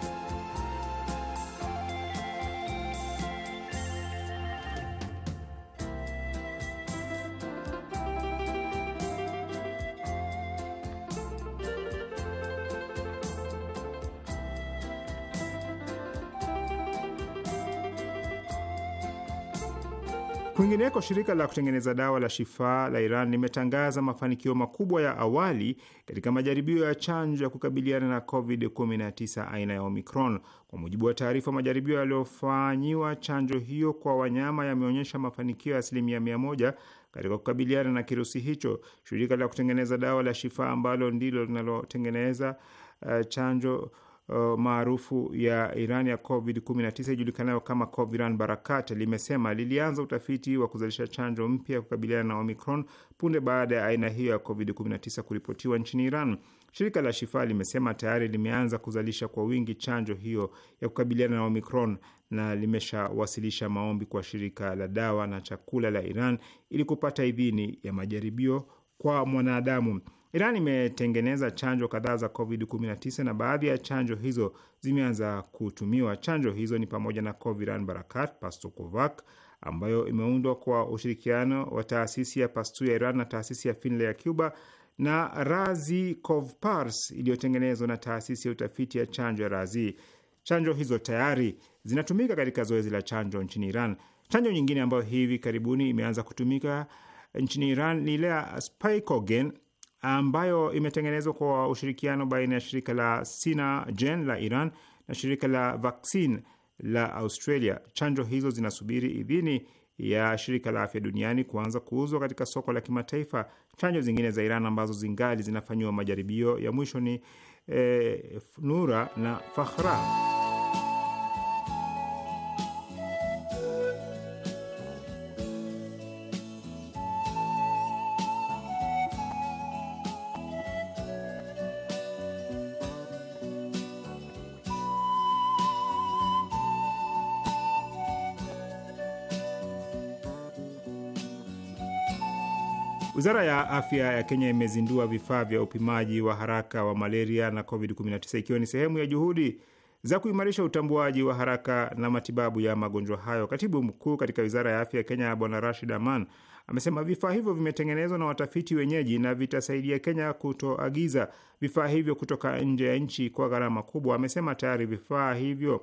Kwingineko, shirika la kutengeneza dawa la Shifaa la Iran limetangaza mafanikio makubwa ya awali katika majaribio ya chanjo ya kukabiliana na COVID-19 aina ya Omicron. Kwa mujibu wa taarifa, majaribio yaliyofanyiwa chanjo hiyo kwa wanyama yameonyesha mafanikio ya asilimia mia moja katika kukabiliana na kirusi hicho. Shirika la kutengeneza dawa la Shifaa ambalo ndilo linalotengeneza uh, chanjo uh, maarufu ya Iran ya COVID-19 ijulikanayo kama Coviran Barakat limesema lilianza utafiti wa kuzalisha chanjo mpya ya kukabiliana na Omicron punde baada ya aina hiyo ya COVID-19 kuripotiwa nchini Iran. Shirika la Shifa limesema tayari limeanza kuzalisha kwa wingi chanjo hiyo ya kukabiliana na Omicron na limeshawasilisha maombi kwa shirika la dawa na chakula la Iran ili kupata idhini ya majaribio kwa mwanadamu. Iran imetengeneza chanjo kadhaa za COVID-19 na baadhi ya chanjo hizo zimeanza kutumiwa. Chanjo hizo ni pamoja na Coviran Barakat, Pastokovac ambayo imeundwa kwa ushirikiano wa taasisi ya Pasteur ya Iran na taasisi ya Finlay ya Cuba na Razi Covpars iliyotengenezwa na taasisi ya utafiti ya chanjo ya Razi. Chanjo hizo tayari zinatumika katika zoezi la chanjo nchini Iran. Chanjo nyingine ambayo hivi karibuni imeanza kutumika nchini Iran ni ile ya Spikogen ambayo imetengenezwa kwa ushirikiano baina ya shirika la Sinagen la Iran na shirika la Vaccine la Australia. Chanjo hizo zinasubiri idhini ya shirika la afya duniani kuanza kuuzwa katika soko la kimataifa. Chanjo zingine za Iran ambazo zingali zinafanyiwa majaribio ya mwisho ni eh, Nura na Fakhra. Wizara ya afya ya Kenya imezindua vifaa vya upimaji wa haraka wa malaria na COVID-19 ikiwa ni sehemu ya juhudi za kuimarisha utambuaji wa haraka na matibabu ya magonjwa hayo. Katibu mkuu katika wizara ya afya ya Kenya Bwana Rashid Aman amesema vifaa hivyo vimetengenezwa na watafiti wenyeji na vitasaidia Kenya kutoagiza vifaa hivyo kutoka nje ya nchi kwa gharama kubwa. Amesema tayari vifaa hivyo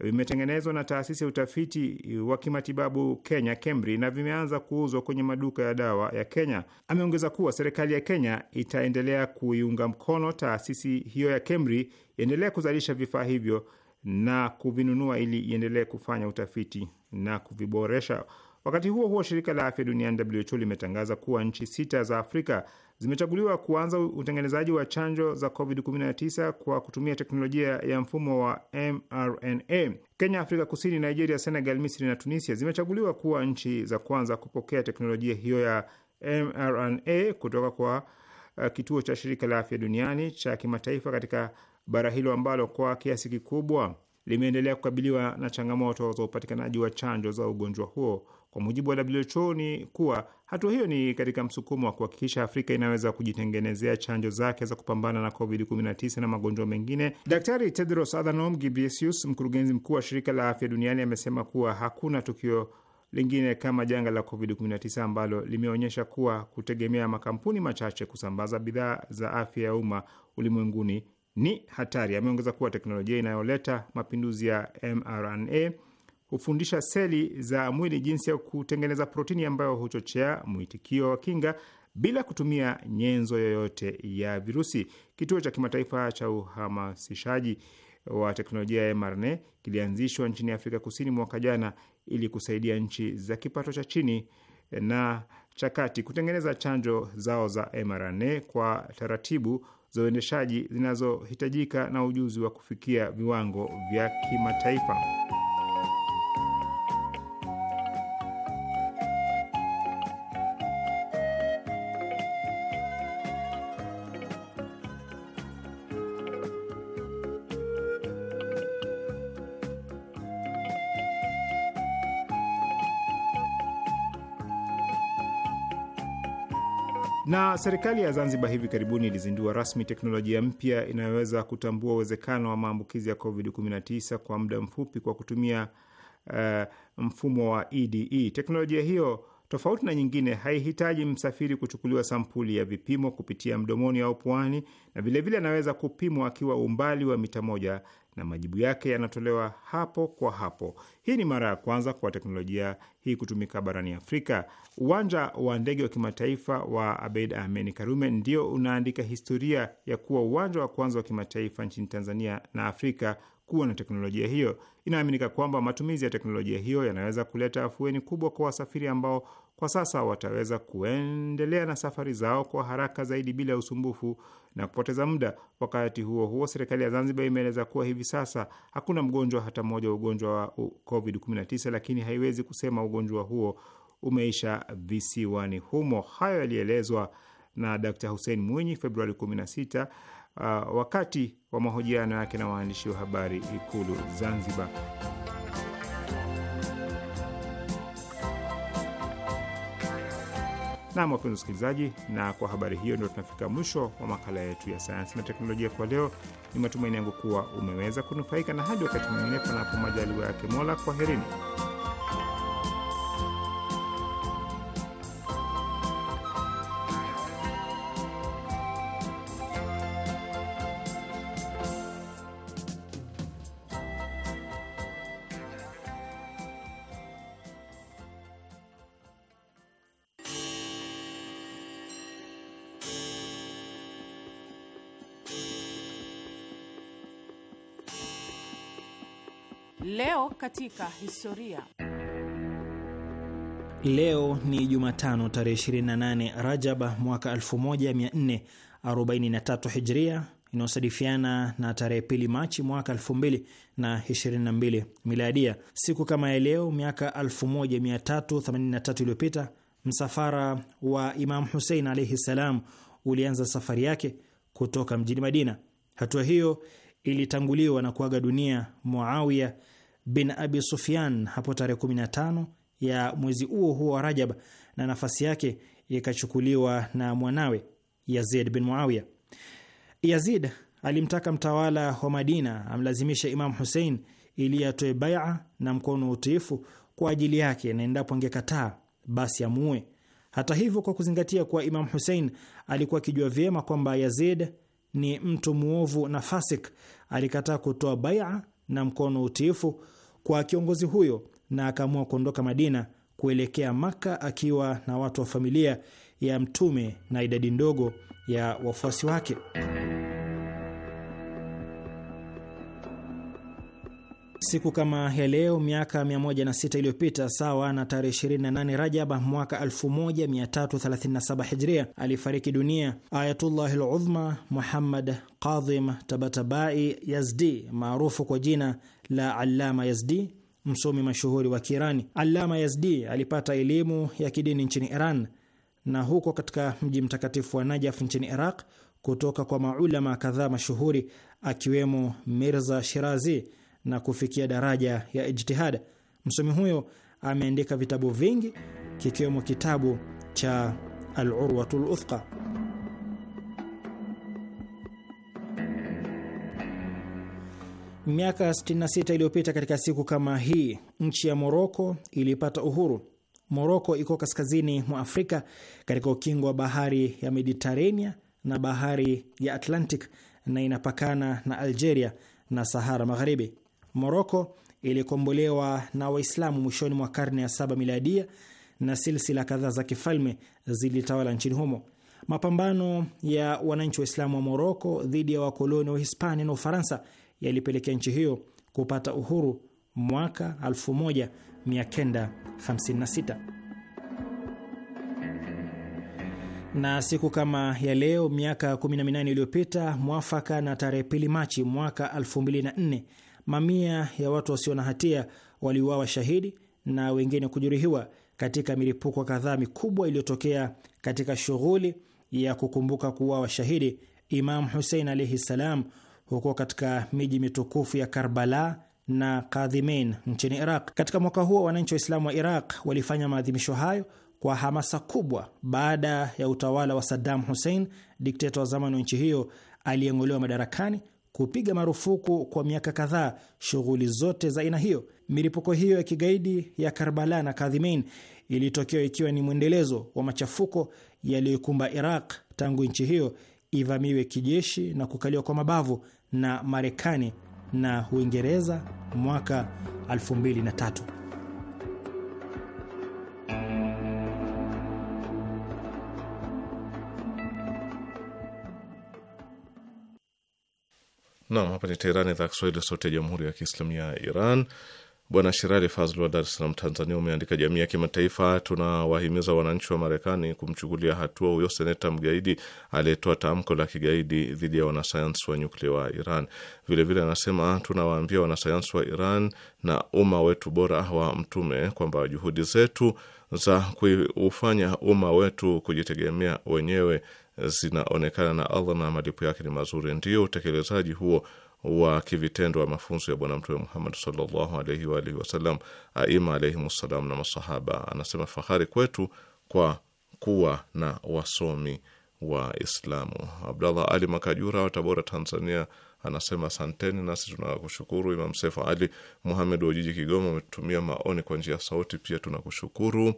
vimetengenezwa na taasisi ya utafiti wa kimatibabu Kenya KEMRI na vimeanza kuuzwa kwenye maduka ya dawa ya Kenya. Ameongeza kuwa serikali ya Kenya itaendelea kuiunga mkono taasisi hiyo ya KEMRI iendelee kuzalisha vifaa hivyo na kuvinunua ili iendelee kufanya utafiti na kuviboresha. Wakati huo huo, shirika la afya duniani WHO limetangaza kuwa nchi sita za Afrika zimechaguliwa kuanza utengenezaji wa chanjo za COVID-19 kwa kutumia teknolojia ya mfumo wa mRNA. Kenya, Afrika Kusini, Nigeria, Senegal, Misri na Tunisia zimechaguliwa kuwa nchi za kwanza kupokea teknolojia hiyo ya mRNA kutoka kwa uh, kituo cha shirika la afya duniani cha kimataifa katika bara hilo ambalo kwa kiasi kikubwa limeendelea kukabiliwa na changamoto za upatikanaji wa chanjo za ugonjwa huo. Kwa mujibu wa WHO ni kuwa hatua hiyo ni katika msukumo wa kuhakikisha Afrika inaweza kujitengenezea chanjo zake za kupambana na COVID-19 na magonjwa mengine. Daktari Tedros Adhanom Ghebreyesus, mkurugenzi mkuu wa shirika la afya duniani, amesema kuwa hakuna tukio lingine kama janga la COVID-19 ambalo limeonyesha kuwa kutegemea makampuni machache kusambaza bidhaa za afya ya umma ulimwenguni ni hatari. Ameongeza kuwa teknolojia inayoleta mapinduzi ya mRNA hufundisha seli za mwili jinsi ya kutengeneza protini ambayo huchochea mwitikio wa kinga bila kutumia nyenzo yoyote ya virusi. Kituo cha kimataifa cha uhamasishaji wa teknolojia ya mRNA kilianzishwa nchini Afrika Kusini mwaka jana ili kusaidia nchi za kipato cha chini na cha kati kutengeneza chanjo zao za mRNA kwa taratibu za uendeshaji zinazohitajika na ujuzi wa kufikia viwango vya kimataifa. serikali ya Zanzibar hivi karibuni ilizindua rasmi teknolojia mpya inayoweza kutambua uwezekano wa maambukizi ya COVID-19 kwa muda mfupi kwa kutumia uh, mfumo wa EDE. E. Teknolojia hiyo tofauti na nyingine haihitaji msafiri kuchukuliwa sampuli ya vipimo kupitia mdomoni au puani, na vilevile anaweza kupimwa akiwa umbali wa mita moja na majibu yake yanatolewa hapo kwa hapo. Hii ni mara ya kwanza kwa teknolojia hii kutumika barani Afrika. Uwanja wa ndege wa kimataifa wa Abeid Amani Karume ndio unaandika historia ya kuwa uwanja wa kwanza wa kimataifa nchini Tanzania na Afrika kuwa na teknolojia hiyo. Inaaminika kwamba matumizi ya teknolojia hiyo yanaweza kuleta afueni kubwa kwa wasafiri ambao kwa sasa wataweza kuendelea na safari zao kwa haraka zaidi bila usumbufu na kupoteza muda. Wakati huo huo, serikali ya Zanzibar imeeleza kuwa hivi sasa hakuna mgonjwa hata mmoja wa ugonjwa wa COVID-19, lakini haiwezi kusema ugonjwa huo umeisha visiwani humo. Hayo yalielezwa na d Hussein Mwinyi Februari 16 uh, wakati wa mahojiano yake na waandishi wa habari Ikulu Zanzibar. Nam, wapenzi wasikilizaji, na kwa habari hiyo ndio tunafika mwisho wa makala yetu ya sayansi na teknolojia kwa leo. Ni matumaini yangu kuwa umeweza kunufaika, na hadi wakati mwingine, panapo majaliwa yake Mola, kwaherini. Leo katika historia. Leo ni Jumatano tarehe 28 Rajaba mwaka 1443 Hijria inayosadifiana na tarehe pili Machi mwaka 2022 miladia. Siku kama ya leo miaka 1383 iliyopita msafara wa Imam Husein alaihi ssalam ulianza safari yake kutoka mjini Madina. Hatua hiyo ilitanguliwa na kuaga dunia Muawiya bin Abi Sufyan hapo tarehe 15 ya mwezi huo huo wa Rajab, na nafasi yake ikachukuliwa na mwanawe Yazid bin Muawiya. Yazid alimtaka mtawala wa Madina amlazimishe Imam Husein ili atoe baia na mkono wa utiifu kwa ajili yake, na endapo angekataa basi amuue. Hata hivyo, kwa kuzingatia kuwa Imam Husein alikuwa akijua vyema kwamba Yazid ni mtu muovu na fasik, alikataa kutoa baia na mkono wa utiifu kwa kiongozi huyo na akaamua kuondoka Madina kuelekea Maka akiwa na watu wa familia ya Mtume na idadi ndogo ya wafuasi wake. Siku kama ya leo miaka 106 iliyopita, sawa na tarehe 28 Rajab mwaka 1337 Hijria, alifariki dunia Ayatullah al Muhammad Kadhim Tabatabai Yazdi, maarufu kwa jina la Allama Yazdi, msomi mashuhuri wa Kiirani. Allama Yazdi alipata elimu ya kidini nchini Iran na huko katika mji mtakatifu wa Najaf nchini Iraq kutoka kwa maulama kadhaa mashuhuri akiwemo Mirza Shirazi na kufikia daraja ya ijtihad Msomi huyo ameandika vitabu vingi kikiwemo kitabu cha Alurwatu Luthqa. Miaka 66 iliyopita katika siku kama hii, nchi ya Moroko ilipata uhuru. Moroko iko kaskazini mwa Afrika katika ukingo wa bahari ya Mediterania na bahari ya Atlantic na inapakana na Algeria na Sahara Magharibi. Moroko ilikombolewa na Waislamu mwishoni mwa karne ya saba miladia na silsila kadhaa za kifalme zilitawala nchini humo. Mapambano ya wananchi Waislamu wa Moroko dhidi ya wakoloni wa Hispania na Ufaransa yalipelekea nchi hiyo kupata uhuru mwaka 1956 na siku kama ya leo miaka 18 iliyopita, mwafaka na tarehe pili Machi mwaka Mamia ya watu wasio na hatia waliuawa shahidi na wengine kujeruhiwa katika milipuko kadhaa mikubwa iliyotokea katika shughuli ya kukumbuka kuuawa shahidi Imam Hussein alaihi salam huko katika miji mitukufu ya Karbala na Kadhimain nchini Iraq. Katika mwaka huo, wananchi wa Islamu wa Iraq walifanya maadhimisho hayo kwa hamasa kubwa baada ya utawala wa Saddam Hussein, dikteta wa zamani wa nchi hiyo aliyeng'olewa madarakani kupiga marufuku kwa miaka kadhaa shughuli zote za aina hiyo. Milipuko hiyo ya kigaidi ya Karbala na Kadhimain ilitokea ikiwa ni mwendelezo wa machafuko yaliyoikumba Iraq tangu nchi hiyo ivamiwe kijeshi na kukaliwa kwa mabavu na Marekani na Uingereza mwaka 2003. Nam, hapa ni Teherani, idhaa Kiswahili, sauti ya jamhuri ya kiislamia ya Iran. Bwana Shirali Fazl wa Dar es Salaam, Tanzania, umeandika jamii ya kimataifa, tunawahimiza wananchi wa Marekani kumchukulia hatua huyo seneta mgaidi aliyetoa tamko la kigaidi dhidi ya wanasayansi wa nyuklia wa Iran. Vilevile anasema vile, tunawaambia wanasayansi wa Iran na umma wetu bora wa Mtume kwamba juhudi zetu za kuufanya umma wetu kujitegemea wenyewe zinaonekana na Allah na malipo yake ni mazuri. ndio utekelezaji huo wa kivitendo wa mafunzo ya Bwana Mtume Muhammad sallallahu alaihi wa alihi wasallam, aima alaihimussalam, na masahaba. Anasema fahari kwetu kwa kuwa na wasomi wa Islamu. Abdallah Ali Makajura wa Tabora, Tanzania anasema asanteni, nasi tunakushukuru. Imam Sefu Ali Muhamed wa jiji Kigoma, ametutumia maoni kwa njia ya sauti, pia tunakushukuru.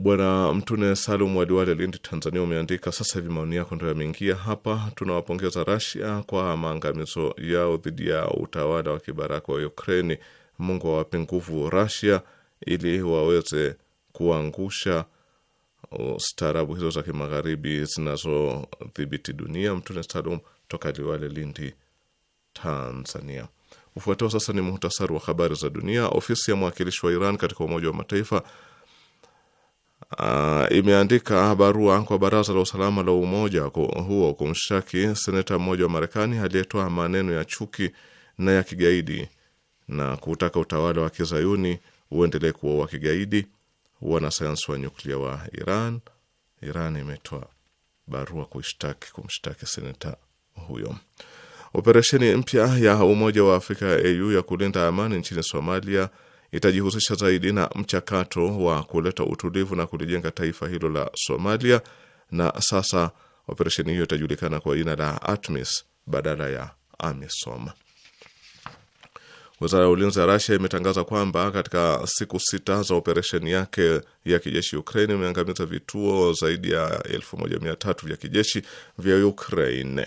Bwana Mtune Salum wa Liwale, Lindi, Tanzania umeandika sasa hivi maoni yako ndo yameingia hapa. Tunawapongeza Rasia kwa maangamizo yao dhidi ya utawala wa kibaraka wa Ukraini. Mungu awape nguvu Rasia ili waweze kuangusha staarabu hizo za kimagharibi zinazodhibiti dunia. Mtune Salum toka Liwale, Lindi, Tanzania. Ufuatao sasa ni muhtasari wa habari za dunia. Ofisi ya mwakilishi wa Iran katika Umoja wa Mataifa Uh, imeandika barua kwa Baraza la Usalama la Umoja huo kumshtaki seneta mmoja wa Marekani aliyetoa maneno ya chuki na ya kigaidi na kutaka utawala wa kizayuni uendelee kuwa wa kigaidi wanasayansi wa nyuklia wa Iran. Iran imetoa barua kushtaki kumshtaki seneta huyo. Operesheni mpya ya Umoja wa Afrika AU ya kulinda amani nchini Somalia itajihusisha zaidi na mchakato wa kuleta utulivu na kulijenga taifa hilo la Somalia, na sasa operesheni hiyo itajulikana kwa jina la ATMIS badala ya AMISOM. Wizara ya ulinzi ya Rasia imetangaza kwamba katika siku sita za operesheni yake ya kijeshi Ukraine imeangamiza vituo zaidi ya tatu vya kijeshi vya Ukraine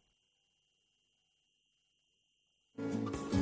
Thank you.